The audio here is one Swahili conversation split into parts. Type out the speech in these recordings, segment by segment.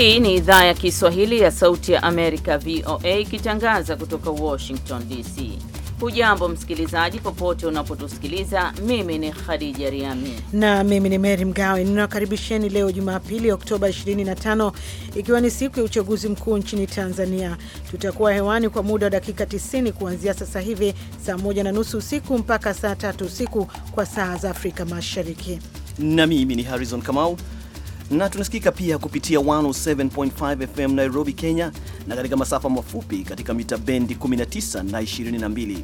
Hii ni idhaa ya Kiswahili ya Sauti ya Amerika, VOA, ikitangaza kutoka Washington DC. Hujambo msikilizaji, popote unapotusikiliza. Mimi ni Khadija Riami na mimi ni Mary Mgawe, ninawakaribisheni leo Jumapili Oktoba 25 ikiwa ni siku ya uchaguzi mkuu nchini Tanzania. Tutakuwa hewani kwa muda wa dakika 90 kuanzia sasa hivi saa moja na nusu usiku mpaka saa tatu usiku kwa saa za Afrika Mashariki, na mimi ni Harrison Kamau na tunasikika pia kupitia 107.5 FM Nairobi, Kenya, na katika masafa mafupi katika mita bendi 19 na 22.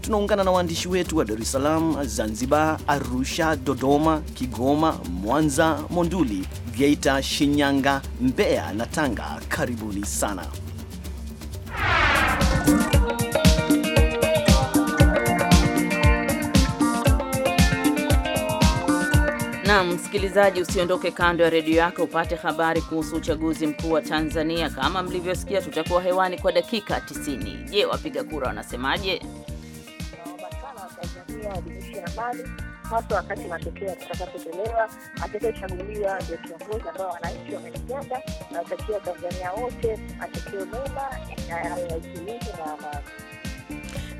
Tunaungana na waandishi wetu wa Dar es Salaam, Zanzibar, Arusha, Dodoma, Kigoma, Mwanza, Monduli, Geita, Shinyanga, Mbeya na Tanga. Karibuni sana. Na msikilizaji, usiondoke kando ya redio yako upate habari kuhusu uchaguzi mkuu wa Tanzania. Kama mlivyosikia, tutakuwa hewani kwa dakika 90. Je, wapiga kura wanasemaje? wote matokeo mema na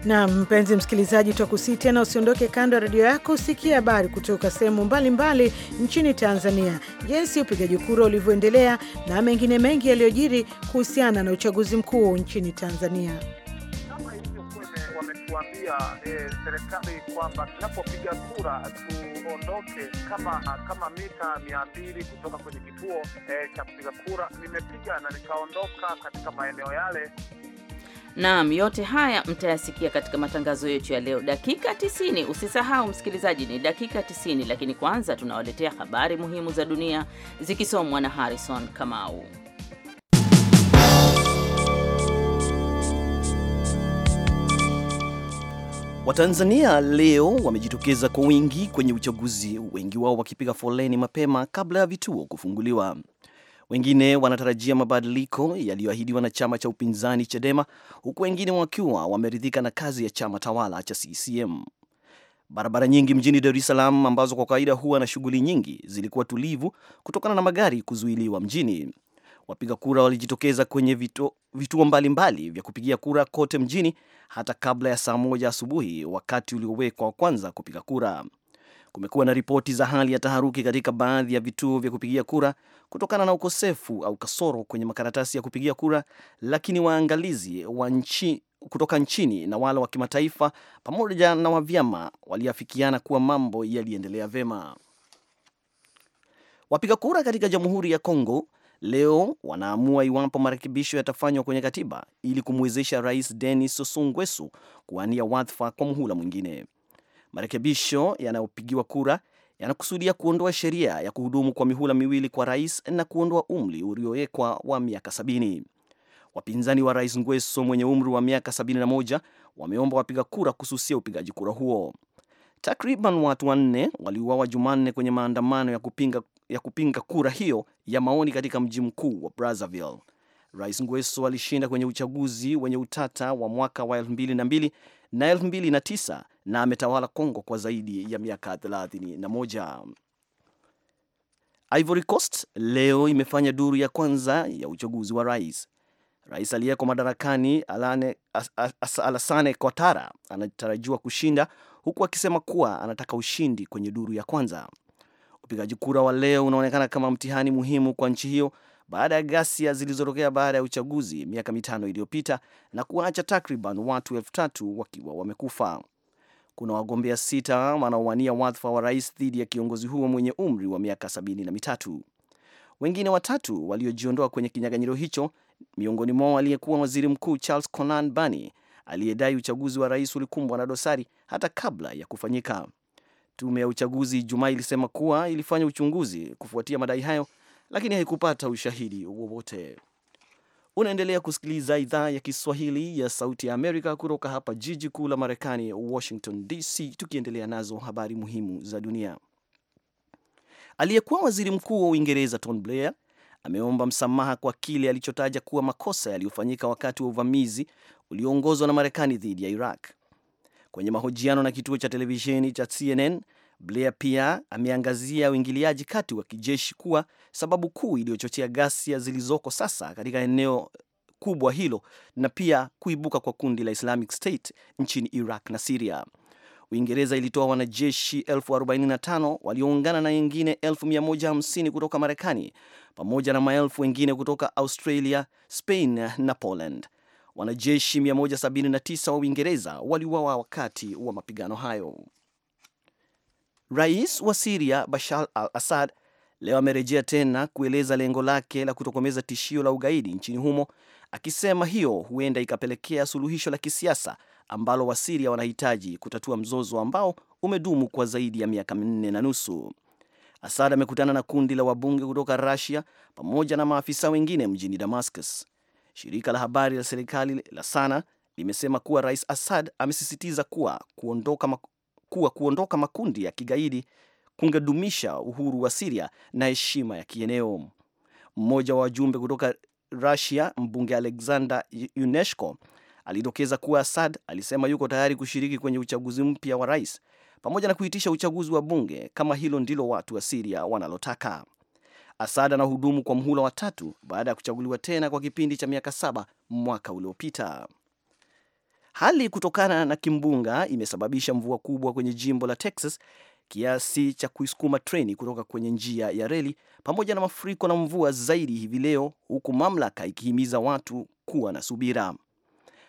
na mpenzi msikilizaji, twakusii tena usiondoke kando ya redio yako, usikie habari kutoka sehemu mbalimbali nchini Tanzania, jinsi upigaji kura ulivyoendelea na mengine mengi yaliyojiri kuhusiana na uchaguzi mkuu nchini Tanzania. Kama ilivyokuwa wametuambia eh, serikali kwamba tunapopiga kura tuondoke kama kama mita mia mbili kutoka kwenye kituo eh, cha kupiga kura. Nimepiga na nikaondoka katika maeneo yale Naam, yote haya mtayasikia katika matangazo yetu ya leo dakika 90. Usisahau msikilizaji, ni dakika 90, lakini kwanza tunawaletea habari muhimu za dunia zikisomwa na Harrison Kamau. Watanzania leo wamejitokeza kwa wingi kwenye uchaguzi, wengi wao wakipiga foleni mapema kabla ya vituo kufunguliwa. Wengine wanatarajia mabadiliko yaliyoahidiwa na chama cha upinzani Chadema, huku wengine wakiwa wameridhika na kazi ya chama tawala cha CCM. Barabara nyingi mjini Dar es Salaam ambazo kwa kawaida huwa na shughuli nyingi zilikuwa tulivu kutokana na magari kuzuiliwa mjini. Wapiga kura walijitokeza kwenye vituo vitu mbalimbali vya kupigia kura kote mjini hata kabla ya saa moja asubuhi, wakati uliowekwa wa kwanza kupiga kura. Kumekuwa na ripoti za hali ya taharuki katika baadhi ya vituo vya kupigia kura kutokana na ukosefu au kasoro kwenye makaratasi ya kupigia kura, lakini waangalizi wa nchi kutoka nchini na wale wa kimataifa pamoja na wa vyama waliafikiana kuwa mambo yaliendelea vema. Wapiga kura katika Jamhuri ya Kongo leo wanaamua iwapo marekebisho yatafanywa kwenye katiba ili kumwezesha Rais Denis Sassou Nguesso kuwania wadhifa kwa muhula mwingine. Marekebisho yanayopigiwa kura yanakusudia kuondoa sheria ya kuhudumu kwa mihula miwili kwa rais na kuondoa umri uliowekwa wa miaka sabini. Wapinzani wa rais Ngweso mwenye umri wa miaka 71 wameomba wapiga kura kususia upigaji kura huo. Takriban watu wanne waliuawa Jumanne kwenye maandamano ya kupinga, ya kupinga kura hiyo ya maoni katika mji mkuu wa Brazzaville. Rais Ngweso alishinda kwenye uchaguzi wenye utata wa mwaka wa 2002 na 2009 na ametawala Kongo kwa zaidi ya miaka 31. Ivory Coast leo imefanya duru ya kwanza ya uchaguzi wa rais. Rais aliyeko madarakani Alane, As, As, Alassane Ouattara anatarajiwa kushinda huku akisema kuwa anataka ushindi kwenye duru ya kwanza. Upigaji kura wa leo unaonekana kama mtihani muhimu kwa nchi hiyo baada ya ghasia zilizotokea baada ya uchaguzi miaka mitano iliyopita na kuwaacha takriban watu elfu tatu wakiwa wamekufa. Kuna wagombea sita wanaowania wadhifa wa rais dhidi ya kiongozi huo mwenye umri wa miaka sabini na mitatu. Wengine watatu waliojiondoa kwenye kinyang'anyiro hicho, miongoni mwao aliyekuwa waziri mkuu Charles Konan Bani aliyedai uchaguzi wa rais ulikumbwa na dosari hata kabla ya kufanyika. Tume ya uchaguzi jumaa ilisema kuwa ilifanya uchunguzi kufuatia madai hayo lakini haikupata ushahidi wowote. Unaendelea kusikiliza idhaa ya Kiswahili ya Sauti ya Amerika kutoka hapa jiji kuu la Marekani, Washington DC, tukiendelea nazo habari muhimu za dunia. Aliyekuwa waziri mkuu wa Uingereza Tony Blair ameomba msamaha kwa kile alichotaja kuwa makosa yaliyofanyika wakati wa uvamizi ulioongozwa na Marekani dhidi ya Iraq. Kwenye mahojiano na kituo cha televisheni cha CNN, Blair pia ameangazia uingiliaji kati wa kijeshi kuwa sababu kuu iliyochochea ghasia zilizoko sasa katika eneo kubwa hilo na pia kuibuka kwa kundi la Islamic State nchini Iraq na Siria. Uingereza ilitoa wanajeshi 45 walioungana na wengine 150 kutoka Marekani pamoja na maelfu wengine kutoka Australia, Spain na Poland. Wanajeshi 179 wa Uingereza waliuawa wakati wa mapigano hayo. Rais wa Siria Bashar al Assad leo amerejea tena kueleza lengo lake la kutokomeza tishio la ugaidi nchini humo, akisema hiyo huenda ikapelekea suluhisho la kisiasa ambalo Wasiria wanahitaji kutatua mzozo ambao umedumu kwa zaidi ya miaka minne na nusu. Assad amekutana na kundi la wabunge kutoka rasia pamoja na maafisa wengine mjini Damascus. Shirika la habari la serikali la Sana limesema kuwa Rais Assad amesisitiza kuwa kuondoka kuwa kuondoka makundi ya kigaidi kungedumisha uhuru wa Siria na heshima ya kieneo. Mmoja wa wajumbe kutoka Rusia, mbunge Alexander unesco alidokeza kuwa Assad alisema yuko tayari kushiriki kwenye uchaguzi mpya wa rais pamoja na kuitisha uchaguzi wa bunge kama hilo ndilo watu wa Siria wanalotaka. Assad anahudumu kwa mhula wa tatu baada ya kuchaguliwa tena kwa kipindi cha miaka saba mwaka uliopita. Hali kutokana na kimbunga imesababisha mvua kubwa kwenye jimbo la Texas kiasi cha kuisukuma treni kutoka kwenye njia ya reli pamoja na mafuriko na mvua zaidi hivi leo, huku mamlaka ikihimiza watu kuwa na subira.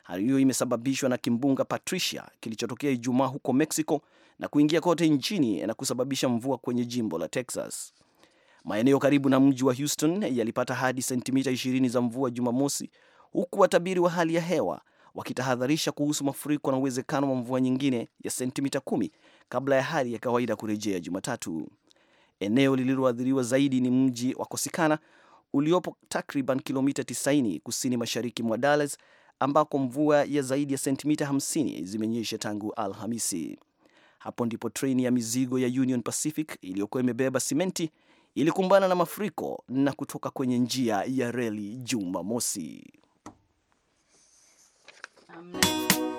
Hali hiyo imesababishwa na kimbunga Patricia kilichotokea Ijumaa huko Mexico na kuingia kote nchini na kusababisha mvua kwenye jimbo la Texas. Maeneo karibu na mji wa Houston yalipata hadi sentimita 20 za mvua Jumamosi, huku watabiri wa hali ya hewa wakitahadharisha kuhusu mafuriko na uwezekano wa mvua nyingine ya sentimita kumi kabla ya hali ya kawaida kurejea Jumatatu. Eneo lililoathiriwa zaidi ni mji wa Kosikana uliopo takriban kilomita 90 kusini mashariki mwa Dallas ambako mvua ya zaidi ya sentimita 50 zimenyesha tangu Alhamisi. Hapo ndipo treni ya mizigo ya Union Pacific iliyokuwa imebeba simenti ilikumbana na mafuriko na kutoka kwenye njia ya reli Jumamosi. I'm not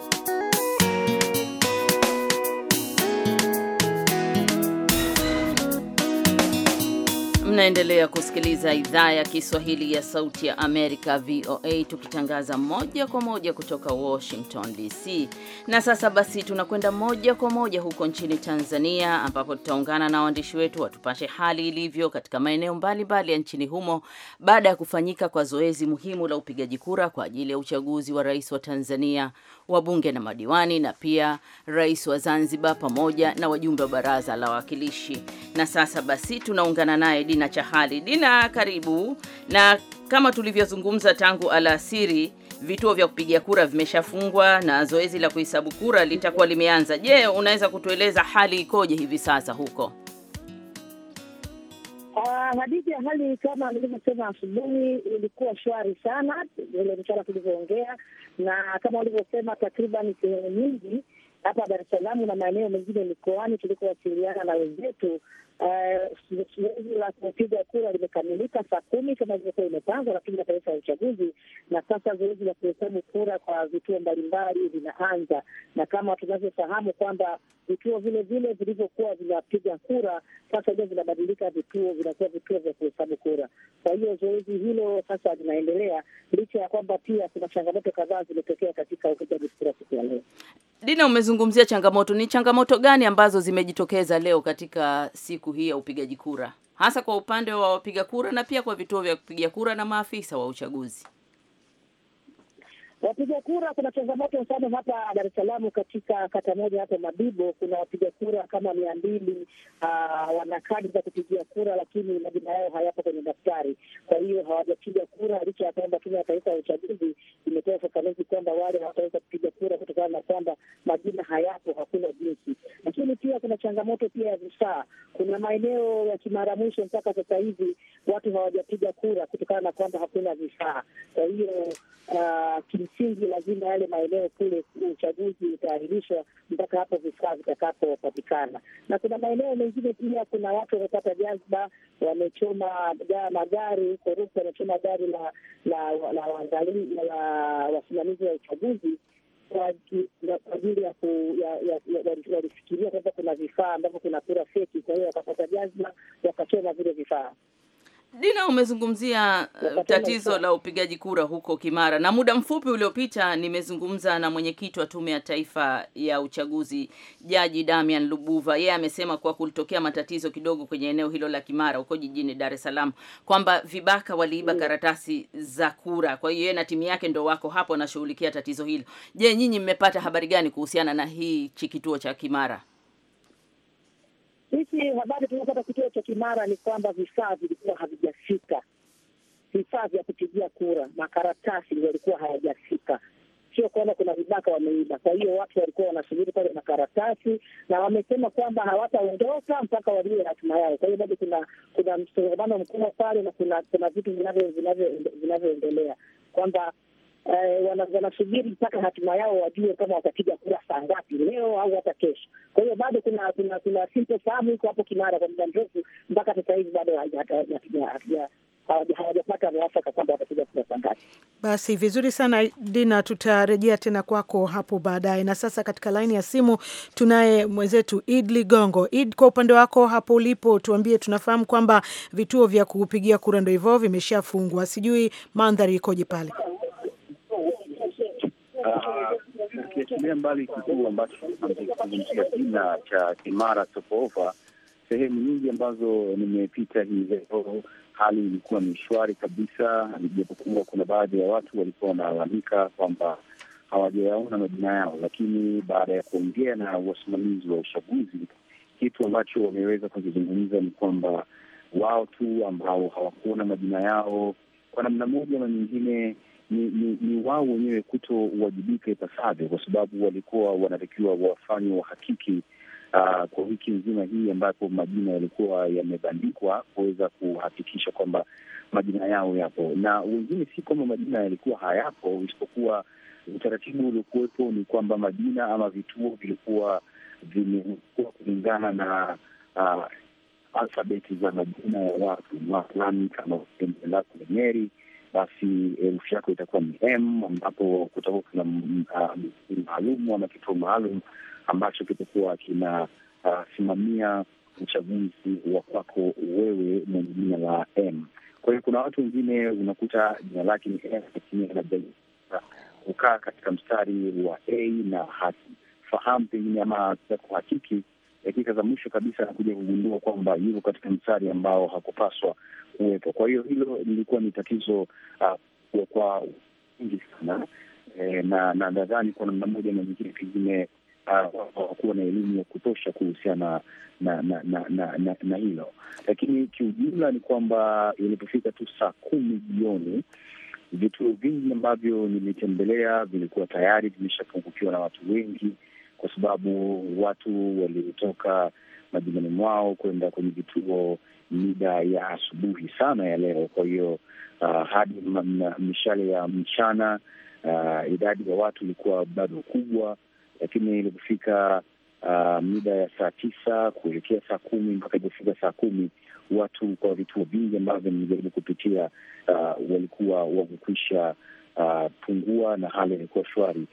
Mnaendelea kusikiliza idhaa ya Kiswahili ya Sauti ya Amerika, VOA, tukitangaza moja kwa moja kutoka Washington DC. Na sasa basi, tunakwenda moja kwa moja huko nchini Tanzania, ambapo tutaungana na waandishi wetu watupashe hali ilivyo katika maeneo mbalimbali ya nchini humo baada ya kufanyika kwa zoezi muhimu la upigaji kura kwa ajili ya uchaguzi wa rais wa Tanzania, wabunge na madiwani, na pia rais wa Zanzibar pamoja na wajumbe wa baraza la wawakilishi. Na sasa basi tunaungana naye Dina cha hali. Dina, karibu. Na kama tulivyozungumza tangu alasiri, vituo vya kupigia kura vimeshafungwa na zoezi la kuhesabu kura litakuwa limeanza. Je, unaweza kutueleza hali ikoje hivi sasa huko? Uh, hadithi ya hali kama nilivyosema asubuhi ilikuwa shwari sana vile mchana tulivyoongea, na kama ulivyosema, takriban sehemu nyingi hapa Dar es Salaam na maeneo mengine mikoani tulikowasiliana na wenzetu zoezi eh, la kupiga kura limekamilika saa kumi kama ilivyokuwa imepangwa na Tume ya Taifa ya Uchaguzi, na sasa zoezi la kuhesabu kura kwa vituo mbalimbali vinaanza, na kama tunavyofahamu kwamba vituo vile vile vilivyokuwa vinapiga kura sasa ndio vinabadilika, vituo vinakuwa vituo vya kuhesabu kura. Kwa hiyo zoezi hilo sasa linaendelea, licha ya kwamba pia kuna changamoto kadhaa zimetokea katika upigaji kura siku ya leo. Dina, umezungumzia changamoto, ni changamoto gani ambazo zimejitokeza leo katika siku siku hii ya upigaji kura, hasa kwa upande wa wapiga kura na pia kwa vituo vya kupiga kura na maafisa wa uchaguzi. Wapiga kura, kuna changamoto mfano hapa Dar es Salaam, katika kata moja hapo Mabibo, kuna wapiga kura kama mia mbili uh, wana kadi za kupigia kura, lakini majina yao hayapo kwenye daftari. Kwa hiyo hawajapiga kura, licha ya kwamba Tume ya Taifa ya Uchaguzi imetoa ufafanuzi kwamba wale hawataweza kupiga kura kutokana na kwamba majina hayapo, hakuna jinsi. Lakini pia kuna changamoto pia ya vifaa. Kuna maeneo ya Kimara Mwisho mpaka sasa hivi watu hawajapiga kura kutokana na kwamba hakuna vifaa. Kwa hiyo uh, kimsingi lazima yale maeneo kule uchaguzi utaahirishwa mpaka hapo vifaa vitakapopatikana. Na kuna maeneo mengine pia, kuna watu wamepata jazba, wamechoma magari huko Rusi, wamechoma gari la la wasimamizi wa uchaguzi kwa ajili ya walifikiria kwamba kuna vifaa ambavyo kuna kura feki, kwa hiyo wakapata jazba, wakachoma vile vifaa. Dina, umezungumzia uh, tatizo la upigaji kura huko Kimara, na muda mfupi uliopita nimezungumza na mwenyekiti wa Tume ya Taifa ya Uchaguzi Jaji Damian Lubuva. Yeye amesema kuwa kulitokea matatizo kidogo kwenye eneo hilo la Kimara huko jijini Dar es Salaam, kwamba vibaka waliiba mm. karatasi za kura. Kwa hiyo yeye na timu yake ndo wako hapo, wanashughulikia tatizo hilo. Je, nyinyi mmepata habari gani kuhusiana na hichi kituo cha Kimara? Sisi habari tunaopata kituo cha Kimara ni kwamba vifaa vilikuwa havijafika, vifaa vya kupigia kura, makaratasi ndio yalikuwa hayajafika, sio kwamba kuna vibaka wameiba. Kwa hiyo watu walikuwa wanasubiri pale makaratasi, na wamesema kwamba hawataondoka mpaka waliwe hatima yao. Kwa hiyo bado kuna kuna msongamano mkubwa pale, na kuna kuna vitu vinavyoendelea kwamba eh, wanasubiri mpaka hatima yao wajue kama watapiga kura saa ngapi leo au hata kesho. Kwa hiyo bado kuna kuna kuna sintofahamu iko hapo kinara kwa muda mrefu, mpaka sasa hivi bado hawajapata mwafaka kwamba watapiga kura saa ngapi. Basi vizuri sana Dina, tutarejea tena kwako hapo baadaye. Na sasa katika laini ya simu tunaye mwenzetu Id Ligongo. Id, kwa upande wako hapo ulipo, tuambie. Tunafahamu kwamba vituo vya kupigia kura ndo hivyo vimeshafungwa, sijui mandhari ikoje pale? tumetumia mbali kikuu ambacho amekizungumzia kina cha Kimara Topova, sehemu nyingi ambazo nimepita hii leo hali ilikuwa ni shwari kabisa, ijapokuwa kuna baadhi ya watu walikuwa wanalalamika kwamba hawajayaona majina yao, lakini baada ya kuongea na wasimamizi wa uchaguzi, kitu ambacho wameweza kukizungumza ni kwamba wao tu ambao hawakuona majina yao kwa namna moja na nyingine ni, ni, ni wao wenyewe kutowajibika ipasavyo, kwa sababu walikuwa wanatakiwa wafanye uhakiki Uh, kwa wiki nzima hii ambapo majina yalikuwa yamebandikwa kuweza kuhakikisha kwamba majina yao yapo, na wengine si kwamba majina yalikuwa hayapo, isipokuwa utaratibu uliokuwepo ni kwamba majina ama vituo vilikuwa vimekuwa kulingana na uh, alfabeti za majina ya watu mafulani kama Mnyeri basi herufi yako itakuwa ni M, ambapo kutakuwa kuna mm, ah, maalum ama kituo maalum ambacho kitakuwa kinasimamia ah, uchaguzi wa kwako wewe mwenye jina la M. Kwa hiyo kuna watu wengine unakuta jina lake ni M lakini labda kukaa katika mstari wa A na fahamu pengine ama kuhakiki dakika za mwisho kabisa anakuja kugundua kwamba yuko katika mstari ambao hakupaswa kuwepo. Kwa hiyo hilo lilikuwa ni tatizo uh, kwa wingi sana e, na nadhani kwa namna moja na nyingine pengine uh, hawakuwa na elimu ya kutosha kuhusiana na na, na, na, na na hilo, lakini kiujumla ni kwamba ilipofika tu saa kumi jioni vituo vingi ambavyo nilitembelea vilikuwa tayari vimeshapungukiwa na watu wengi kwa sababu watu walitoka majumbani mwao kwenda kwenye vituo mida ya asubuhi sana ya leo. Kwa hiyo uh, hadi mishale ya mchana uh, idadi ya watu ilikuwa bado kubwa, lakini ilipofika uh, mida ya saa tisa kuelekea saa kumi mpaka ilipofika saa kumi watu kwa vituo vingi ambavyo nimejaribu kupitia uh, walikuwa wakukwisha uh, pungua na hali inakuwa shwari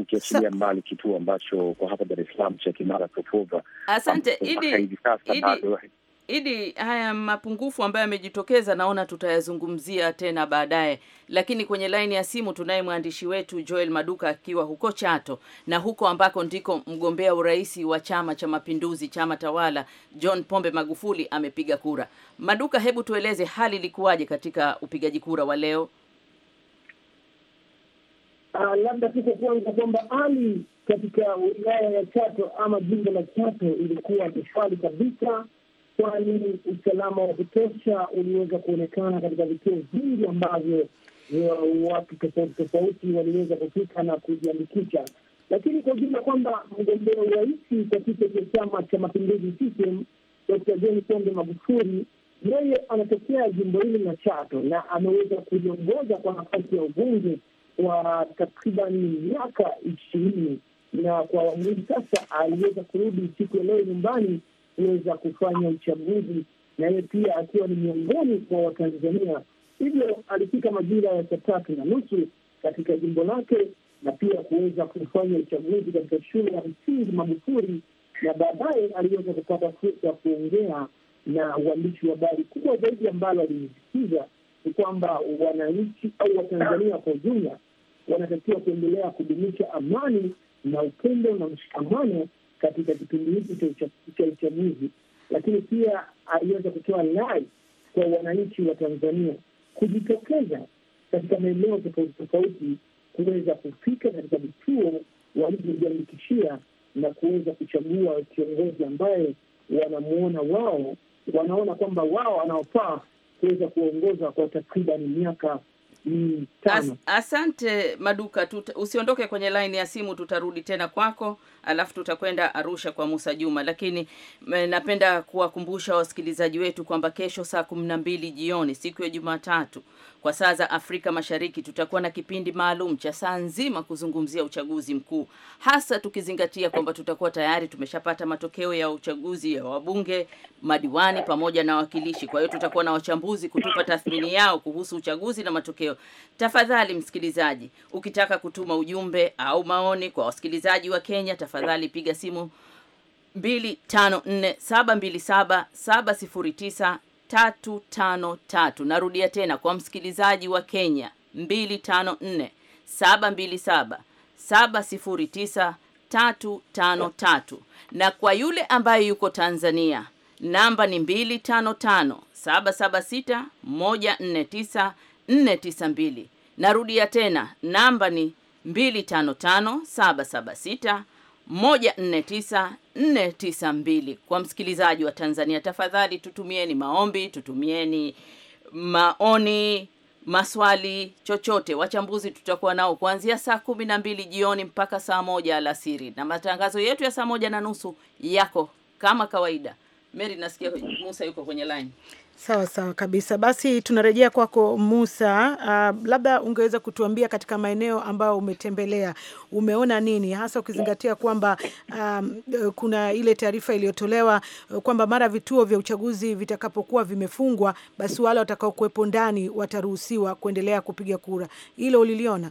ukiachilia mbali kituo ambacho kwa hapa Dar es Salaam cha Kimara Popova. Asante Idi. Idi, haya mapungufu ambayo yamejitokeza naona tutayazungumzia tena baadaye, lakini kwenye laini ya simu tunaye mwandishi wetu Joel Maduka akiwa huko Chato na huko ambako ndiko mgombea urais wa Chama cha Mapinduzi, chama tawala, John Pombe Magufuli amepiga kura. Maduka, hebu tueleze hali ilikuwaje katika upigaji kura wa leo? uh, labda tu kwanza kwamba hali katika wilaya ya Chato ama jimbo la Chato ilikuwa ni kabisa, kwani usalama wa kutosha uliweza kuonekana katika vituo vingi ambavyo watu tofauti tofauti waliweza kufika na kujiandikisha, lakini kwa jumla kwamba mgombea urais kwa kiti cha Chama cha Mapinduzi CCM Dkt. John Pombe Magufuli yeye anatokea jimbo hili la Chato na ameweza kuliongoza kwa nafasi ya ubunge kwa takriban miaka ishirini na kwa awamu sasa aliweza kurudi siku ya leo nyumbani kuweza kufanya uchaguzi, na yeye pia akiwa ni miongoni kwa Watanzania. Hivyo alifika majira ya saa tatu na nusu katika jimbo lake na pia kuweza kufanya uchaguzi katika shule ya msingi Magufuli, na baadaye aliweza kupata fursa ya kuongea na uandishi wa habari kubwa zaidi ambalo aliisikiza ni kwamba wananchi au Watanzania kwa ujumla wanatakiwa kuendelea kudumisha amani na upendo na mshikamano katika kipindi hiki cha uchaguzi, lakini pia aliweza kutoa rai kwa wananchi wa Tanzania kujitokeza katika maeneo tofauti tofauti kuweza kufika katika vituo walivyojiandikishia na kuweza kuchagua kiongozi ambaye wanamuona wao, wanaona kwamba wao wanaofaa kuweza kuongoza kwa takribani miaka Mm, As, asante Maduka tuta, usiondoke kwenye line ya simu, tutarudi tena kwako, alafu tutakwenda Arusha kwa Musa Juma, lakini napenda kuwakumbusha wasikilizaji wetu kwamba kesho saa kumi na mbili jioni siku ya Jumatatu kwa saa za Afrika Mashariki tutakuwa na kipindi maalum cha saa nzima kuzungumzia uchaguzi mkuu, hasa tukizingatia kwamba tutakuwa tayari tumeshapata matokeo ya uchaguzi ya wabunge, madiwani pamoja na wawakilishi. Kwa hiyo tutakuwa na wachambuzi kutupa tathmini yao kuhusu uchaguzi na matokeo hiyo. Tafadhali msikilizaji, ukitaka kutuma ujumbe au maoni kwa wasikilizaji wa Kenya, tafadhali piga simu 254727709353. Narudia tena kwa msikilizaji wa Kenya tatu na kwa yule ambaye yuko Tanzania namba ni 2557761499 492. Narudia tena namba ni 255776149492. Kwa msikilizaji wa Tanzania, tafadhali tutumieni maombi, tutumieni maoni, maswali, chochote. Wachambuzi tutakuwa nao kuanzia saa kumi na mbili jioni mpaka saa moja alasiri, na matangazo yetu ya saa moja na nusu yako kama kawaida. Mary, nasikia Musa yuko kwenye line. Sawa sawa kabisa. Basi tunarejea kwako Musa. Uh, labda ungeweza kutuambia katika maeneo ambayo umetembelea umeona nini hasa, ukizingatia kwamba um, kuna ile taarifa iliyotolewa eh, kwamba mara vituo vya uchaguzi vitakapokuwa vimefungwa, basi wale watakaokuwepo ndani wataruhusiwa kuendelea kupiga kura. Hilo uliliona?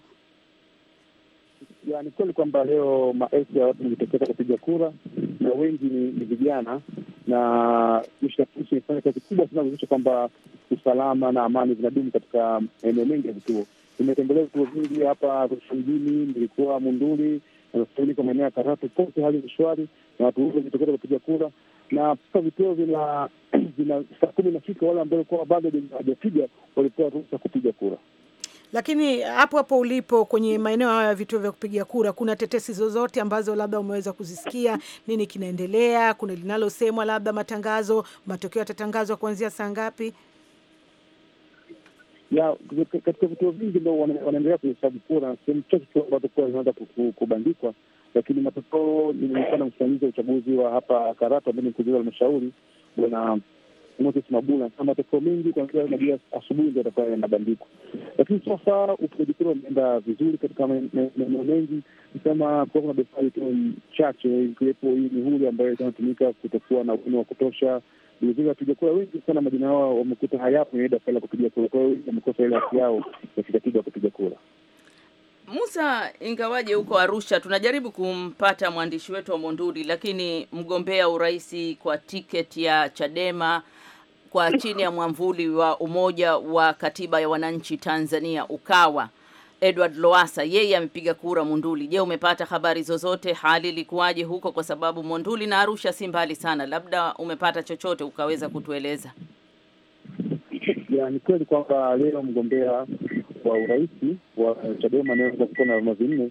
ya ni kweli kwamba leo maelfu ya watu wamejitokeza kupiga kura na wengi ni vijana, na jeshi imefanya kazi kubwa sana kuhakikisha kwamba usalama na amani zinadumu katika maeneo mengi ya vituo. Imetembelea vituo vingi hapa Arusha mjini, nilikuwa Munduli, kwa maeneo ya Karatu, pote hali ni shwari na watu wengi wamejitokeza kupiga kura, na sasa vituo vina saa kumi nafika, wale ambao walikuwa bado hawajapiga walipewa ruhusa kupiga kura. Lakini hapo hapo ulipo kwenye maeneo hayo ya vituo vya kupiga kura, kuna tetesi zozote ambazo labda umeweza kuzisikia? Nini kinaendelea? Kuna linalosemwa labda matangazo, matokeo yatatangazwa kuanzia saa ngapi? ya katika vituo vingi ndo wanaendelea kuhesabu kura, sehemu chache tu ambazo kura zinaanza kubandikwa, lakini matokeo, nilikuwa msimamizi wa uchaguzi wa hapa Karatu ambaye ni mkurugenzi wa halmashauri bwana Moses Mabula na matokeo mengi kuanzia najua asubuhi ndio atakuwa yanabandikwa, lakini sasa upigaji kura umeenda vizuri katika maeneo mengi, nisema kuwa kuna dosari tu chache, ikiwepo hii mihuri ambayo ilikuwa inatumika kutokuwa na wino wa kutosha. Vilevile wapiga kura wengi sana majina yao wamekuta hayapo kwenye daftari la kupiga kura, kwa hiyo wamekosa ile haki yao ya kikatiba ya kupiga kura. Musa, ingawaje huko Arusha tunajaribu kumpata mwandishi wetu wa Monduli, lakini mgombea urais kwa tiketi ya Chadema kwa chini ya mwamvuli wa Umoja wa Katiba ya Wananchi Tanzania Ukawa. Edward loasa yeye amepiga kura Monduli. Je, umepata habari zozote? Hali ilikuwaje huko? Kwa sababu Monduli na Arusha si mbali sana, labda umepata chochote ukaweza kutueleza. Ya, ni kweli kwamba leo mgombea wa urais wa Chadema anaweza kuwa na vyama vinne,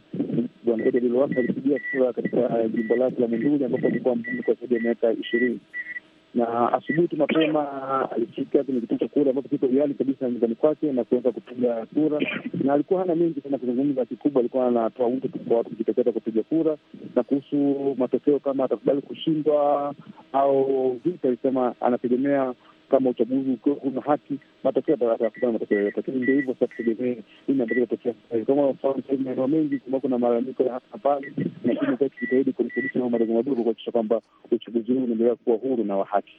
bwana Edward Lowasa alipigia kura katika eh, jimbo lake la Monduli ambapo alikuwa mbunge kwa zaidi ya miaka ishirini na asubuhi tu mapema alifika kwenye kituo cha kura ambacho kiko hiari kabisa nyumbani kwake na kuweza kupiga kura, na alikuwa hana mengi sana kuzungumza. Kikubwa alikuwa anatoa wito kwa watu kujitokeza kupiga kura, na kuhusu matokeo kama atakubali kushindwa au vipi, alisema anategemea kama uchaguzi ukiwa kuna haki, matokeo yatakuwa matokeo yote. Lakini ndio hivyo sasa, tutegemee nini ambacho kitatokea. Kama mfano maeneo mengi kumekuwa kuna malalamiko ya hapa pale, lakini kwa kujitahidi kurekebisha hayo madogo madogo, kuhakikisha kwamba uchaguzi huu unaendelea kuwa huru na wa haki.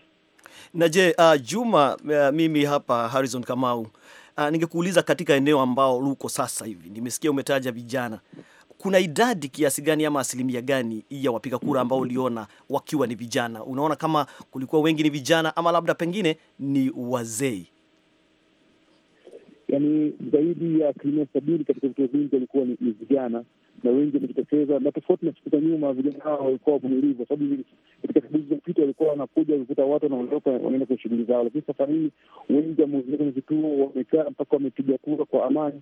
Na je, uh, Juma, uh, mimi hapa Harrison Kamau, uh, ningekuuliza katika eneo ambao luko sasa hivi, nimesikia umetaja vijana kuna idadi kiasi gani ama asilimia gani ya wapiga kura ambao uliona wakiwa ni vijana? Unaona kama kulikuwa wengi ni vijana ama labda pengine ni wazee? Yani zaidi ya asilimia sabini katika vituo vingi walikuwa ni vijana na wengi wamejitokeza, na tofauti na siku za nyuma, vijana hao walikuwa wavumilivu, kwa sababu katika siku zilizopita walikuwa wanakuja wakikuta watu wanaondoka, wanaenda kwenye shughuli zao, lakini safari hii wengi wamehudhuria kwenye vituo, wamekaa mpaka wamepiga kura kwa amani,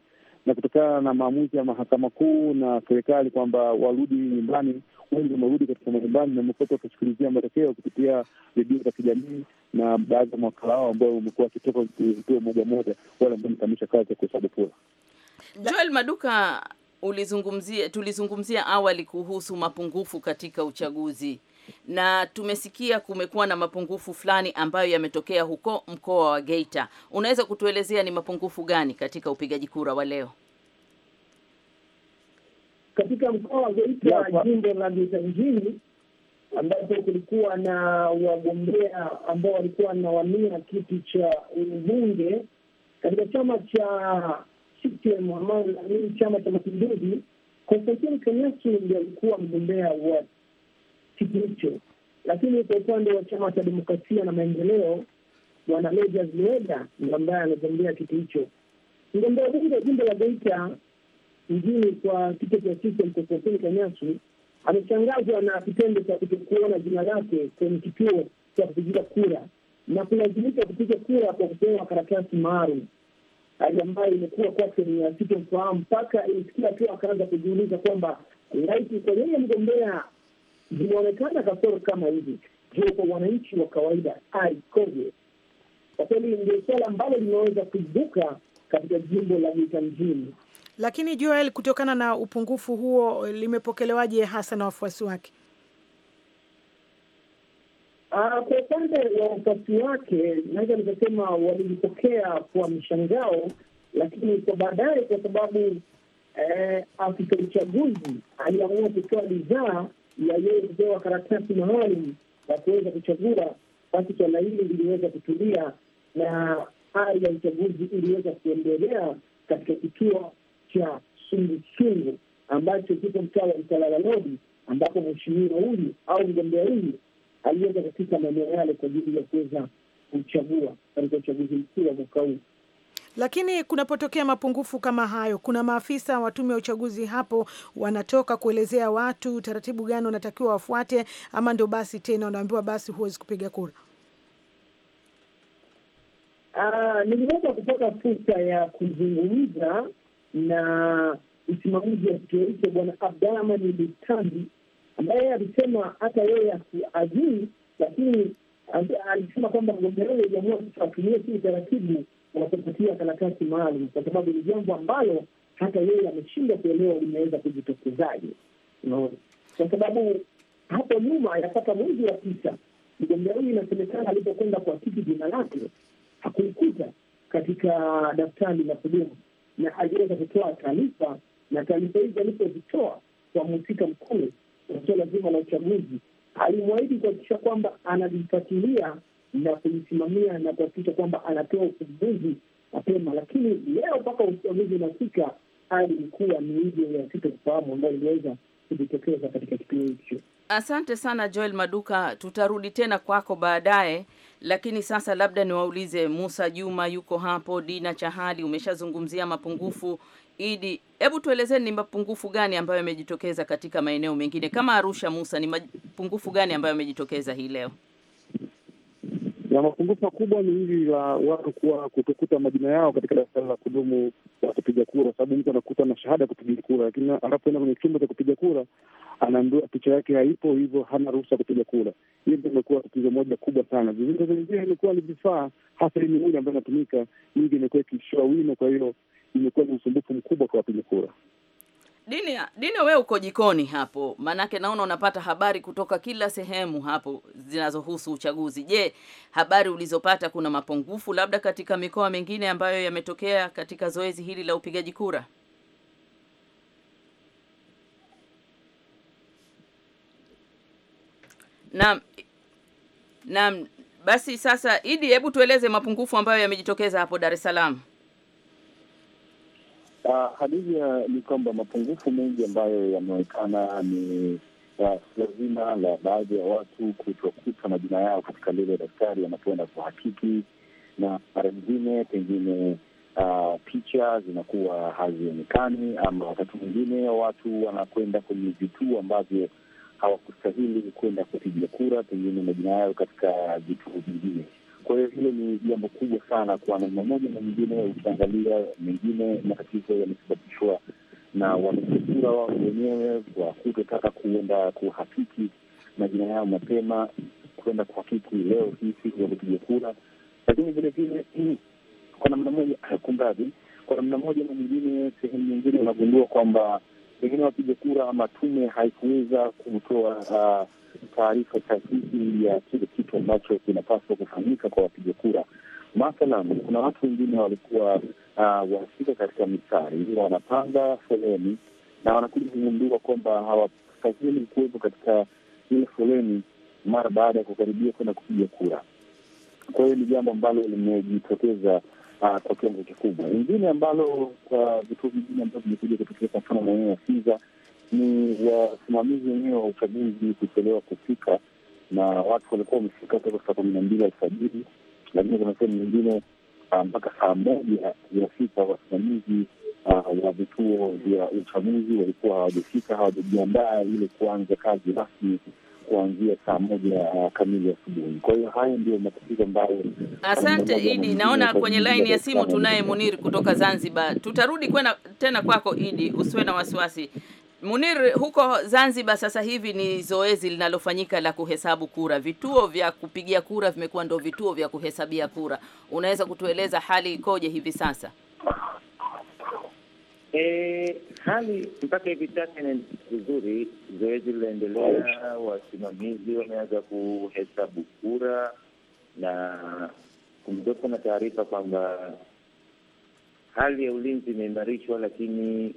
na kutokana na maamuzi ya mahakama kuu na serikali kwamba warudi nyumbani, wengi wamerudi katika manyumbani na wamekuwa wakishughulikia matokeo kupitia redio za kijamii na baadhi ya mawakala wao ambao umekuwa wakitoka vituo moja moja, wale ambao wamekamisha kazi ya kuhesabu kura. Joel Maduka, ulizungumzia tulizungumzia awali kuhusu mapungufu katika uchaguzi na tumesikia kumekuwa na mapungufu fulani ambayo yametokea huko mkoa wa Geita. Unaweza kutuelezea ni mapungufu gani katika upigaji kura wa leo? Katika mkoa wa Geita, jimbo la Geita Mjini, ambapo kulikuwa na wagombea ambao walikuwa wanawania kiti cha ubunge katika chama cha CCM, chama cha Mapinduzi, Konstantini Kanyasu ndiye alikuwa mgombea wa kitu hicho. Lakini kwa upande wa chama cha demokrasia na maendeleo, bwana Meja Zimeda ndo ambaye anagombea kitu hicho. Mgombea bunge wa jimbo la Geita mjini kwa kiti cha sisi Mkokoteni Kanyasu ameshangazwa na kitendo cha kutokuona jina lake kwenye kituo cha kupigia kura na kulazimika kupiga kura kwa kupewa karatasi maalum, hali ambayo imekuwa kwake ni asitomfahamu mpaka ilifikia hatua akaanza kujiuliza kwamba laiti kwa yeye mgombea zimeonekana kasoro kama hivi. Je, kwa wananchi wa kawaida aikoje? Kwa kweli ndio swala ambalo limeweza kuibuka katika jimbo la vita mjini. Lakini Joel, kutokana na upungufu huo, limepokelewaje hasa na wafuasi wake? Ah, kwa upande wa wafuasi wake, naweza nikasema walilipokea kwa mshangao, lakini kwa baadaye, kwa sababu eh, afisa uchaguzi aliamua kutoa bidhaa ya yeye kupewa karatasi maalum ya kuweza kuchagua, basi swala hili liliweza kutulia na hali ya uchaguzi iliweza kuendelea katika kituo cha sungusungu ambacho kipo mtaa wa Mtalala Lodi, ambapo mheshimiwa huyu au mgombea huyu aliweza kufika maeneo yale kwa ajili ya kuweza kuchagua katika uchaguzi mkuu wa mwaka huu. Lakini kunapotokea mapungufu kama hayo, kuna maafisa wa tume ya uchaguzi hapo wanatoka kuelezea watu taratibu gani wanatakiwa wafuate, ama ndio basi tena wanaambiwa basi huwezi kupiga kura? Uh, niliweza kupata fursa ya kuzungumza na msimamizi wa kituo hicho Bwana Abdurahmani Litambi ambaye alisema hata yeye ajui, lakini alisema kwamba mgombea huyo aliamua kufuatilia si utaratibu wanapopatia karatasi maalum, kwa sababu ni jambo ambalo hata yeye ameshindwa kuelewa linaweza kujitokezaje. kwa sababu hapo nyuma yapata mwezi wa tisa, mgombea huyu inasemekana alipokwenda kuakiki jina lake hakuikuta katika daftari la kudumu, na aliweza kutoa taarifa, na taarifa hizi alipozitoa kwa mhusika mkuu wa suala zima la uchaguzi, alimwahidi kuhakikisha kwamba analifuatilia na kumsimamia na kuhakikisha kwamba anatoa ufumbuzi mapema, lakini leo mpaka uchaguzi unafika, hali ilikuwa ni ile ya sitofahamu ambayo iliweza kujitokeza katika kipindi hicho. Asante sana Joel Maduka, tutarudi tena kwako baadaye, lakini sasa labda niwaulize Musa Juma yuko hapo, Dina Chahali, umeshazungumzia mapungufu. Idi, hebu tuelezeni ni mapungufu gani ambayo yamejitokeza katika maeneo mengine kama Arusha. Musa, ni mapungufu gani ambayo yamejitokeza hii leo? na mapungufu makubwa ni hili la watu kuwa kutokuta majina yao katika daftari la kudumu la kupiga kura, sababu mtu anakuta na shahada ya kupiga kura, lakini anapoenda kwenye chumba cha kupiga kura anaambiwa picha yake haipo, hivyo hana ruhusa ya kupiga kura. Hii ndio imekuwa tatizo moja kubwa sana. Vingine imekuwa ni vifaa, hasa hii miuli ambayo inatumika nyingi imekuwa ikishoa wino, kwa hiyo imekuwa ni usumbufu mkubwa kwa wapiga kura. Dini, Dini we uko jikoni hapo, maanake naona unapata habari kutoka kila sehemu hapo zinazohusu uchaguzi. Je, habari ulizopata kuna mapungufu labda katika mikoa mingine ambayo yametokea katika zoezi hili la upigaji kura? Naam, naam. Basi sasa, Idi, hebu tueleze mapungufu ambayo yamejitokeza hapo Dar es Salaam. Uh, ah, halivya ni kwamba mapungufu mengi ambayo yameonekana ni suala zima la baadhi ya watu kutokuta majina yao katika lile daftari yanapoenda kuhakiki, na mara nyingine pengine uh, picha zinakuwa hazionekani, ama wakati mwingine watu wanakwenda kwenye vituo ambavyo hawakustahili kwenda kupiga kura, pengine majina yao katika vituo vingine kwa hiyo hilo ni jambo kubwa sana kwa namna moja na nyingine. Ukiangalia mengine matatizo yamesababishwa na wapiga kura wao wenyewe kwa kutotaka kuenda kuhakiki majina yao mapema, kuenda kuhakiki leo hii siku ya kupiga kura, lakini vilevile kwa namna moja, kumradhi, kwa namna moja na nyingine, sehemu nyingine unagundua kwamba pengine wapiga kura ama tume haikuweza kutoa uh, taarifa sahihi ya kile kitu ambacho kinapaswa kufanyika kwa wapiga kura. Mathalan, kuna watu wengine walikuwa uh, wanafika katika mistari, wanapanga foleni na wanakuja kugundua kwamba hawastahili kuwepo katika ile foleni mara baada ya kukaribia kwenda kupiga kura. Kwa hiyo ni jambo ambalo limejitokeza uh, kwa kiwango kikubwa. Lingine ambalo kwa vituo vingine ambavyo vimekuja kutokea, kwa mfano maeneo ya siza ni wasimamizi wenyewe wa uchaguzi kuchelewa kufika, na watu walikuwa wamefika toka saa kumi na mbili alfajiri, lakini kuna sehemu nyingine ah, mpaka saa moja sita wasimamizi ah, wa vituo vya uchaguzi walikuwa hawajafika, hawajajiandaa ile kuanza kazi rasmi kuanzia saa moja kamili asubuhi. Kwa hiyo hayo ndio matatizo ambayo. Asante Idi, naona kwenye laini ya simu tunaye Munir kutoka Zanzibar. Tutarudi kwena, tena kwako Idi, usiwe na wasiwasi. Munir, huko Zanzibar sasa hivi ni zoezi linalofanyika la kuhesabu kura. Vituo vya kupigia kura vimekuwa ndio vituo vya kuhesabia kura. Unaweza kutueleza hali ikoje hivi sasa? E, hali mpaka hivi sasa ni vizuri, zoezi linaendelea, wasimamizi wameanza kuhesabu kura na kumekuwepo na taarifa kwamba hali ya ulinzi imeimarishwa, lakini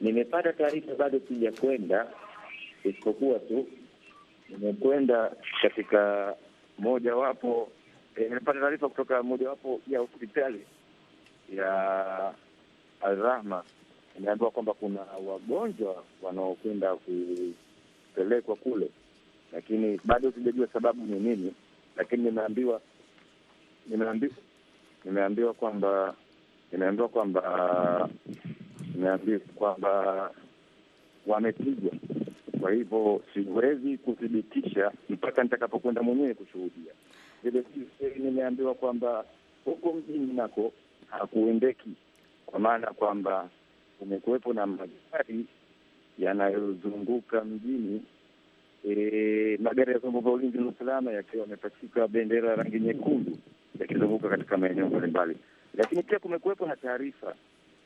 nimepata taarifa, bado sijakwenda, isipokuwa tu nimekwenda katika mojawapo, nimepata nimepata taarifa kutoka mojawapo ya hospitali ya Alrahma imeambiwa kwamba kuna wagonjwa wanaokwenda kupelekwa kule, lakini bado sijajua sababu ni nini, lakini nimeambiwa nimeambiwa nimeambiwa kwamba nimeambiwa kwamba nimeambiwa kwamba wamepigwa. Kwa hivyo siwezi kuthibitisha mpaka nitakapokwenda mwenyewe kushuhudia. Vile vile nimeambiwa kwamba huko mjini nako hakuendeki kwa maana kwamba kumekuwepo na magari yanayozunguka mjini e, magari ya vyombo vya ulinzi na usalama yakiwa yamepachika bendera ya rangi nyekundu yakizunguka katika maeneo mbalimbali, lakini pia kumekuwepo na taarifa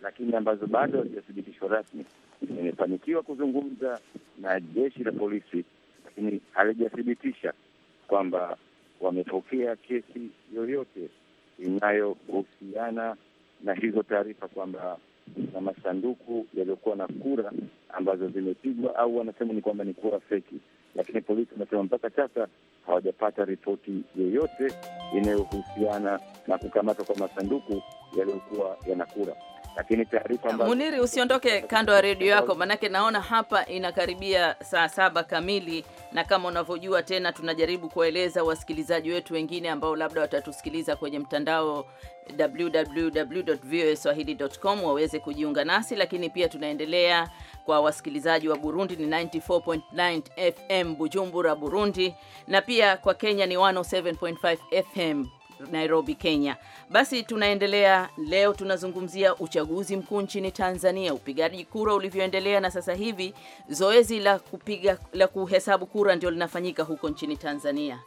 lakini ambazo bado hazijathibitishwa rasmi, imefanikiwa kuzungumza na jeshi la polisi, lakini halijathibitisha kwamba wamepokea kesi yoyote inayohusiana na hizo taarifa kwamba na masanduku yaliyokuwa na kura ambazo zimepigwa au wanasema ni kwamba ni kura feki, lakini polisi wanasema mpaka sasa hawajapata ripoti yoyote inayohusiana na kukamatwa kwa masanduku yaliyokuwa yana kura lakini taarifa ambazo Muniri, usiondoke kando ya redio yako, manake naona hapa inakaribia saa saba kamili, na kama unavyojua tena tunajaribu kuwaeleza wasikilizaji wetu wengine ambao labda watatusikiliza kwenye mtandao www.voaswahili.com waweze kujiunga nasi, lakini pia tunaendelea kwa wasikilizaji wa Burundi ni 94.9 FM Bujumbura, Burundi, na pia kwa Kenya ni 107.5 FM Nairobi, Kenya. Basi tunaendelea leo, tunazungumzia uchaguzi mkuu nchini Tanzania, upigaji kura ulivyoendelea, na sasa hivi zoezi la kupiga la kuhesabu kura ndio linafanyika huko nchini Tanzania.